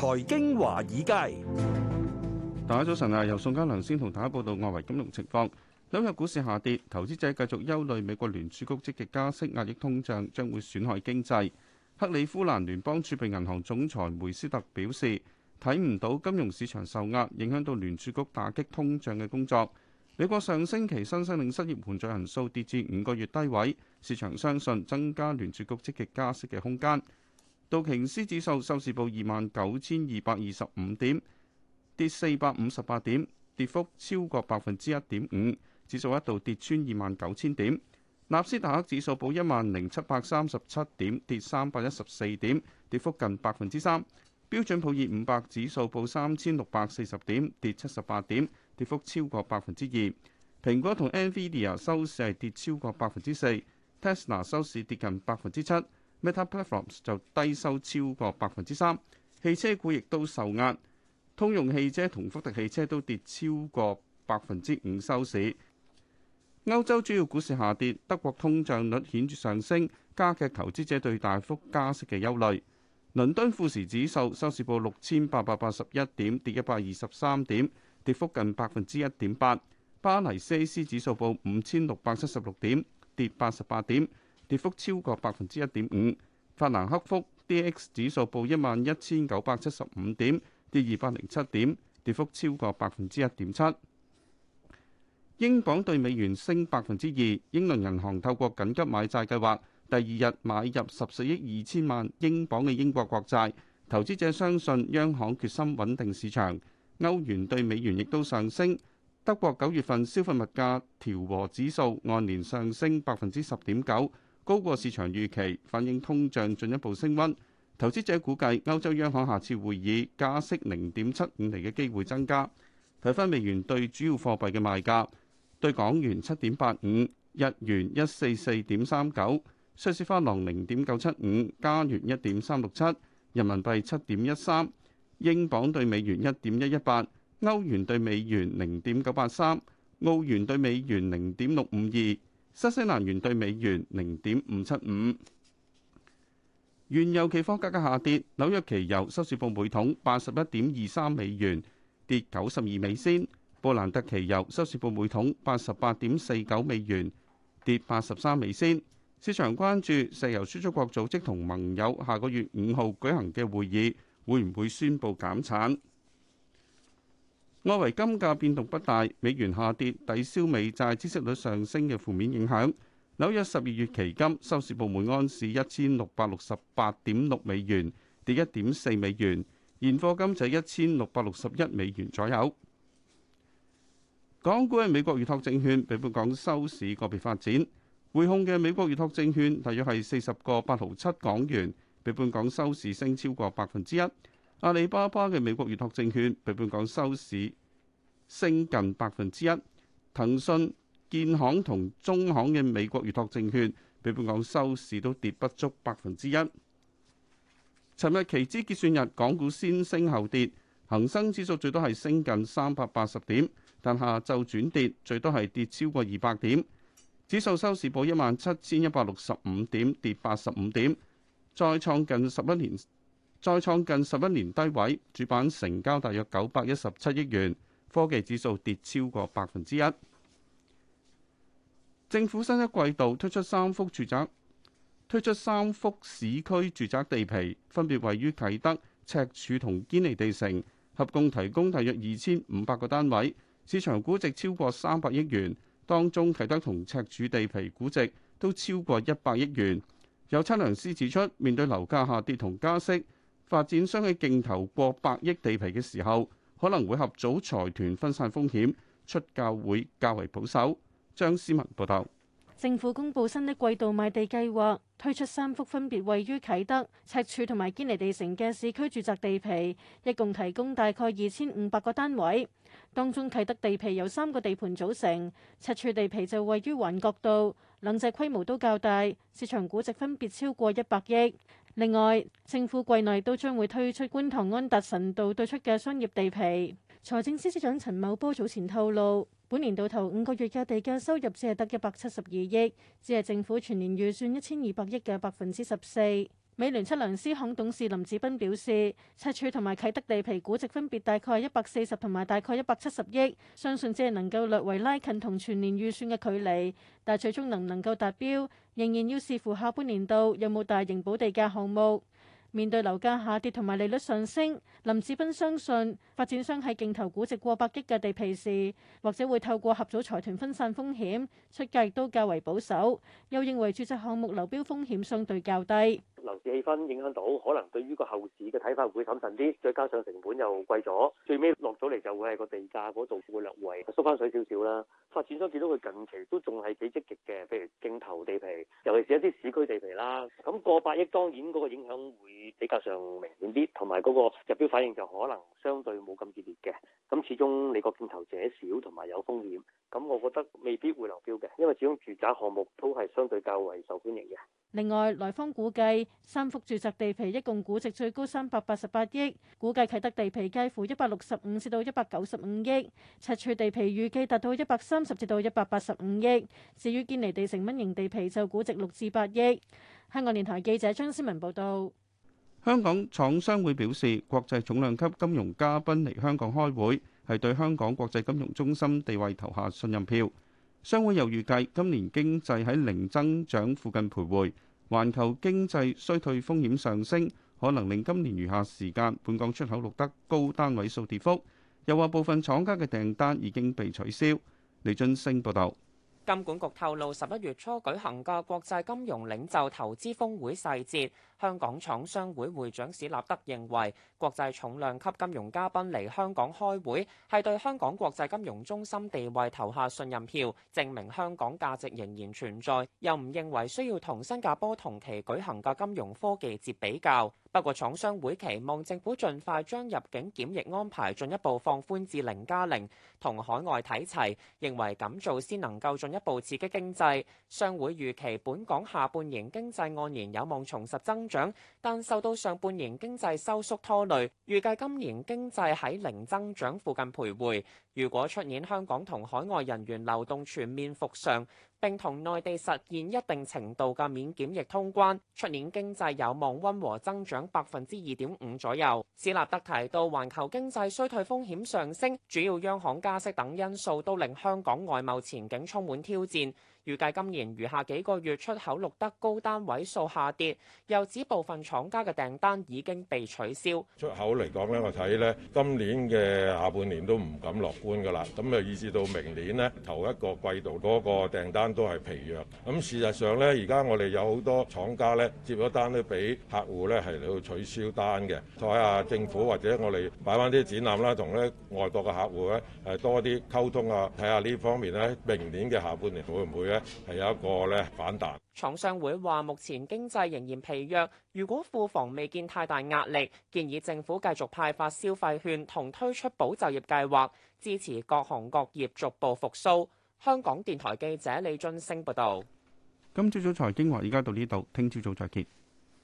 財經華爾街，大家早晨啊！由宋家良先同大家報道外圍金融情況。今日股市下跌，投資者繼續憂慮美國聯儲局積極加息壓抑通脹將會損害經濟。克里夫蘭聯邦儲備銀行總裁梅斯特表示，睇唔到金融市場受壓影響到聯儲局打擊通脹嘅工作。美國上星期新申領失業援助人數跌至五個月低位，市場相信增加聯儲局積極加息嘅空間。道瓊斯指數收市報二萬九千二百二十五點，跌四百五十八點，跌幅超過百分之一點五。指數一度跌穿二萬九千點。納斯達克指數報一萬零七百三十七點，跌三百一十四點，跌幅近百分之三。標準普爾五百指數報三千六百四十點，跌七十八點，跌幅超過百分之二。蘋果同 Nvidia 收市係跌超過百分之四，Tesla 收市跌近百分之七。Meta Platforms 就低收超過百分之三，汽車股亦都受壓，通用汽車同福特汽車都跌超過百分之五收市。歐洲主要股市下跌，德國通脹率顯著上升，加劇投資者對大幅加息嘅憂慮。倫敦富時指數收市報六千八百八十一點，跌一百二十三點，跌幅近百分之一點八。巴黎 CAC 指數報五千六百七十六點，跌八十八點。跌幅超過百分之一點五。法蘭克福 DAX 指數報一萬一千九百七十五點，跌二百零七點，跌幅超過百分之一點七。英鎊對美元升百分之二。英倫銀行透過緊急買債計劃，第二日買入十四億二千萬英鎊嘅英國國債。投資者相信央行決心穩定市場。歐元對美元亦都上升。德國九月份消費物價調和指數按年上升百分之十點九。高過市場預期，反映通脹進一步升溫。投資者估計歐洲央行下次會議加息0.75厘嘅機會增加。睇翻美元對主要貨幣嘅賣價，對港元7.85，日元144.39，瑞士法郎0.975，加元1.367，人民幣7.13，英鎊對美元1.118，歐元對美元0.983，澳元對美元0.652。新西蘭元兌美元零點五七五，原油期貨價格下跌。紐約期油收市報每桶八十一點二三美元，跌九十二美仙。布蘭特期油收市報每桶八十八點四九美元，跌八十三美仙。市場關注石油輸出國組織同盟友下個月五號舉行嘅會議，會唔會宣佈減產？外圍金價變動不大，美元下跌抵消美債孳息率上升嘅負面影響。紐約十二月期金收市部門安市一千六百六十八點六美元，跌一點四美元；現貨金就一千六百六十一美元左右。港股嘅美國預託證券，被本港收市個別發展，匯控嘅美國預託證券大約係四十個八毫七港元，被本港收市升超過百分之一。阿里巴巴嘅美國越託證券比本港收市升近百分之一，騰訊、建行同中行嘅美國預託證券比本港收市都跌不足百分之一。尋日期指結算日，港股先升後跌，恒生指數最多係升近三百八十點，但下晝轉跌，最多係跌超過二百點，指數收市報一萬七千一百六十五點，跌八十五點，再創近十一年。再創近十一年低位，主板成交大約九百一十七億元。科技指數跌超過百分之一。政府新一季度推出三幅住宅，推出三幅市區住宅地皮，分別位於啟德、赤柱同堅尼地城，合共提供大約二千五百個單位，市場估值超過三百億元。當中，啟德同赤柱地皮估值都超過一百億元。有測量師指出，面對樓價下跌同加息。發展商喺競投過百億地皮嘅時候，可能會合組財團分散風險，出價會較為保守。張思文報導。政府公布新一季度賣地計劃，推出三幅分別位於啟德、赤柱同埋堅尼地城嘅市區住宅地皮，一共提供大概二千五百個單位。當中啟德地皮由三個地盤組成，赤柱地皮就位於環角道，兩隻規模都較大，市場估值分別超過一百億。另外，政府季內都將會推出觀塘安達臣道對出嘅商業地皮。財政司司長陳茂波早前透露，本年度頭五個月嘅地價收入只係得一百七十二億，只係政府全年預算一千二百億嘅百分之十四。美聯測量師行董事林志斌表示，赤柱同埋啟德地皮估值分別大概一百四十同埋大概一百七十億，相信只係能夠略為拉近同全年預算嘅距離，但最終能唔能夠達標，仍然要視乎下半年度有冇大型補地價項目。面對樓價下跌同埋利率上升，林志斌相信發展商喺競投估值過百億嘅地皮時，或者會透過合組財團分散風險，出價亦都較為保守。又認為住宅項目流標風險相對較低。樓市氣氛影響到，可能對於個後市嘅睇法會審慎啲，再加上成本又貴咗，最尾落咗嚟就會係個地價嗰度會略為縮翻水少少啦。發展商見到佢近期都仲係幾積極嘅，譬如競投地皮，尤其是一啲市區地皮啦。咁過百億當然嗰個影響會比較上明顯啲，同埋嗰個入標反應就可能相對冇咁熱烈嘅。始終你個競投者少同埋有風險，咁我覺得未必會流標嘅，因為始終住宅項目都係相對較為受歡迎嘅。另外，來方估計三幅住宅地皮一共估值最高三百八十八億，估計啟德地皮介乎一百六十五至到一百九十五億，赤柱地皮預計達到一百三十至到一百八十五億。至於堅尼地城蚊型地皮就估值六至八億。香港電台記者張思文報道。香港廠商會表示，國際重量級金融嘉賓嚟香港開會。係對香港國際金融中心地位投下信任票。商會又預計今年經濟喺零增長附近徘徊，環球經濟衰退風險上升，可能令今年餘下時間本港出口錄得高單位數跌幅。又話部分廠家嘅訂單已經被取消。李津升報導。金管局透露十一月初舉行嘅國際金融領袖投資峰會細節。香港廠商會會長史立德認為，國際重量級金融嘉賓嚟香港開會，係對香港國際金融中心地位投下信任票，證明香港價值仍然存在。又唔認為需要同新加坡同期舉行嘅金融科技節比較。不過，廠商會期望政府盡快將入境檢疫安排進一步放寬至零加零，同海外睇齊，認為咁做先能夠進一步刺激經濟。商會預期本港下半年經濟按年有望重拾增。但受到上半年經濟收縮拖累，預計今年經濟喺零增長附近徘徊。如果出年香港同海外人員流動全面復常，並同內地實現一定程度嘅免檢疫通關，出年經濟有望温和增長百分之二點五左右。史立德提到，環球經濟衰退風險上升，主要央行加息等因素都令香港外貿前景充滿挑戰。預計今年餘下幾個月出口錄得高單位數下跌，又指部分廠家嘅訂單已經被取消。出口嚟講咧，我睇咧今年嘅下半年都唔敢樂觀㗎啦。咁啊，以至到明年呢，頭一個季度多個訂單都係疲弱。咁事實上咧，而家我哋有好多廠家咧接咗單都俾客戶咧係嚟到取消單嘅。再睇下政府或者我哋擺返啲展覽啦，同咧外國嘅客戶咧係多啲溝通啊，睇下呢方面咧，明年嘅下半年會唔會咧？係有一個咧反彈。廠商會話：目前經濟仍然疲弱，如果庫房未見太大壓力，建議政府繼續派發消費券同推出保就業計劃，支持各行各業逐步復甦。香港電台記者李俊升報導。今朝早財經話，而家到呢度，聽朝早再見。